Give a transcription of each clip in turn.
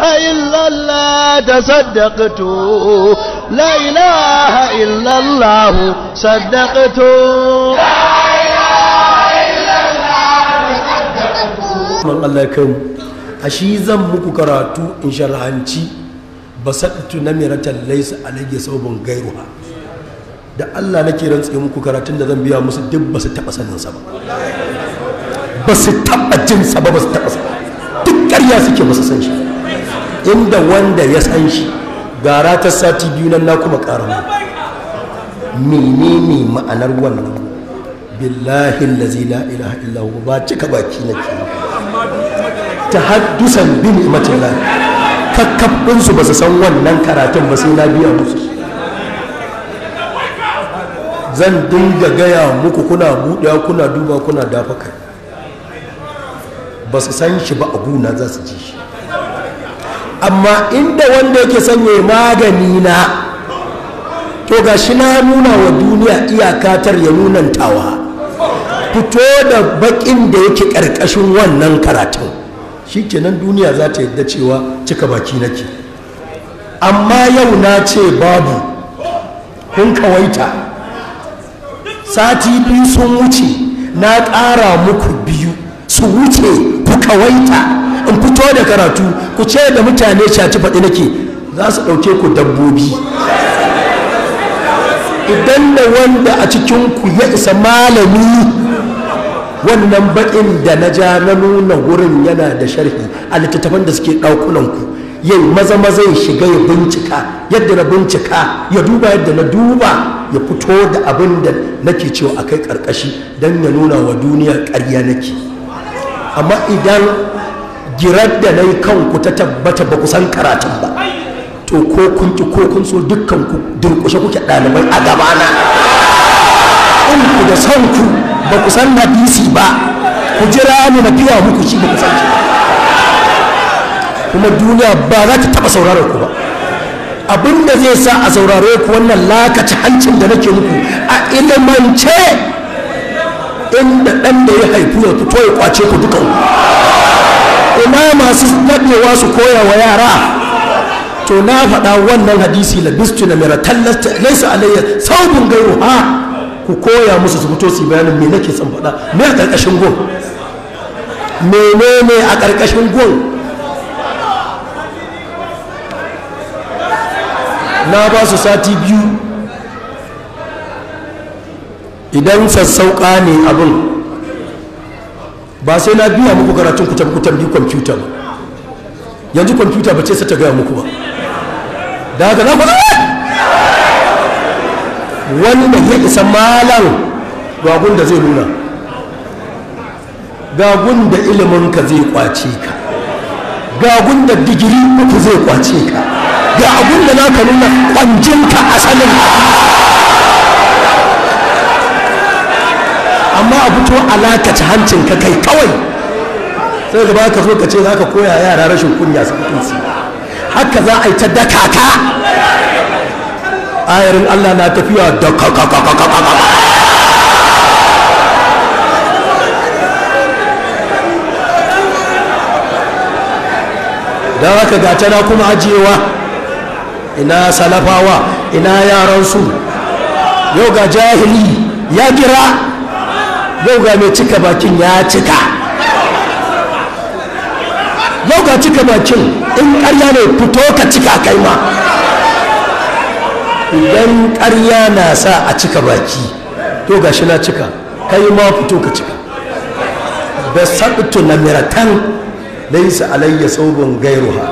إله إلا الله تصدقت لا إله إلا الله صدقت لا إله A الله صدقت الله كم da Allah nake rantse muku karatun da zan biya musu duk ba su sanin sa ba ba su jin sa ba ba su taɓa sa duk ƙarya suke ba san shi inda wanda ya san shi gara ta sati biyu nan na kuma ƙara menene ma'anar wannan billahi lazi la ilaha illahu ba cika baki na ke ta haddusan bin imatillah kakkabinsu ba su san wannan karatun ba sai na biya musu zan dinga gaya muku kuna buɗewa kuna duba kuna dafa kai ba su san shi ba a guna za su ji shi amma inda wanda yake son ya magani na to ga shi na nuna wa duniya iyakatar ya nunantawa fito da bakin da yake karkashin wannan karatun shi kenan duniya za ta yadda cewa cika baki nake amma yau na ce babu kun kawaita sati biyu sun wuce na ƙara muku biyu su wuce ku kawaita in fito da karatu ku ce da mutane caci faɗi nake za su ɗauke ku dabbobi idan da wanda a cikinku ya isa malami wannan baƙin da na ja na nuna wurin yana da sharhi a littattafan da suke ɗaukunanku yai maza maza ya shiga ya bincika yadda na bincika ya duba yadda na duba ya fito da abin da nake cewa a kai karkashi don ya nuna wa duniya ƙarya nake amma idan girar da na yi kanku ta tabbata ba ku san karatun ba to ko kun ki ko kun so dukkan ku durƙushe kuke ɗalibai a gabana in ku da son ku ba ku san hadisi ba ku jira ni na biya muku shi ba ku san shi kuma duniya ba za ta taɓa sauraron ku ba abin da zai sa a sauraro ku wannan lakaci hancin da nake muku a ilimance inda ɗan da ya haifu ya fito ya kwace ku dukan ina masu daɗewa su koya wa yara to na faɗa wannan hadisi bistu na mera tallasta laisa alayya saubin gairu ha ku koya musu su fito su bayanin me nake son faɗa me a ƙarƙashin mene menene a ƙarƙashin gon na ba su sati biyu idan sassauƙa ne abin ba sai na biya muku karatun ku tabi ku kwamfuta ba yanzu kwamfuta ba ce sa ta gaya muku ba da haka na faɗa da ya isa malam gagun da zai nuna gagun da ilimin ka zai kwace ka gagun da digiri uku zai kwace ka ga da naka nuna kwanjinka asalin za a fito alakaci hancin ka kai kawai sai gaba ka zo ka ce za ka koya yara rashin kunya su su haka za a yi ta daka ka ayarin allah na tafiya da don haka gata na kuma ajiyewa ina salafawa ina yaransu yau ga jahili ya gira yau ga mai cika bakin ya cika yau ga cika bakin in karya ne fito ka cika kai ma idan karya na sa a cika baki to gashi na cika kai ma fito ka cika da sabtu na miratan laisa alayya saubun gairuha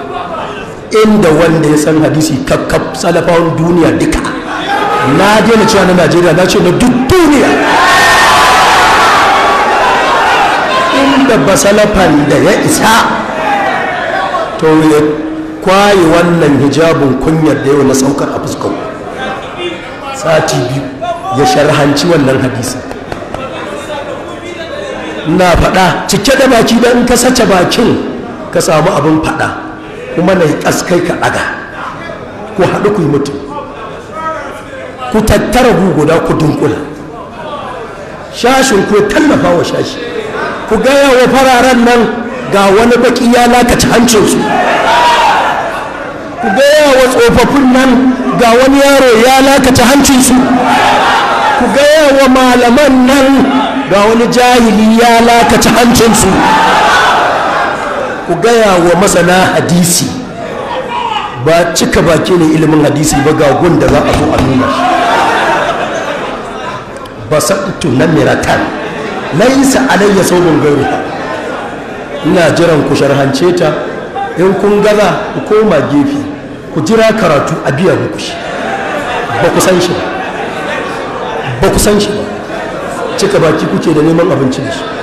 inda wanda ya san hadisi kakkab salafawan duniya duka na daina cewa na najeriya na ce na duk duniya wanda basalafan da ya isa to ya kwaye wannan hijabin kunyar da yau na saukar a fuskar sati biyu ya sharhanci wannan hadisi na faɗa cike da baki in ka sace bakin ka samu abin faɗa kuma na kaskai ka ɗaga ku haɗu ku yi mutum ku tattara guguda ku dunkula shashin ku tallafa wa shashi ku gaya wa fararen nan ga wani baki ya lakaci hancinsu ku gaya wa tsofaffin nan ga wani yaro ya lakaci hancinsu ku gaya wa malaman nan ga wani jahili ya lakaci hancinsu ku gaya wa masana hadisi ba cika baki ne ilimin hadisi ba ga gun da za a zo a nuna ba basattu tunan miratan laisa alayya saubin gairu ina jiran ku sharhance ta in kun gaza ku koma gefe ku jira karatu a biya muku shi ba ku san shi ba ku san shi ba cika baki kuke da neman abinci da shi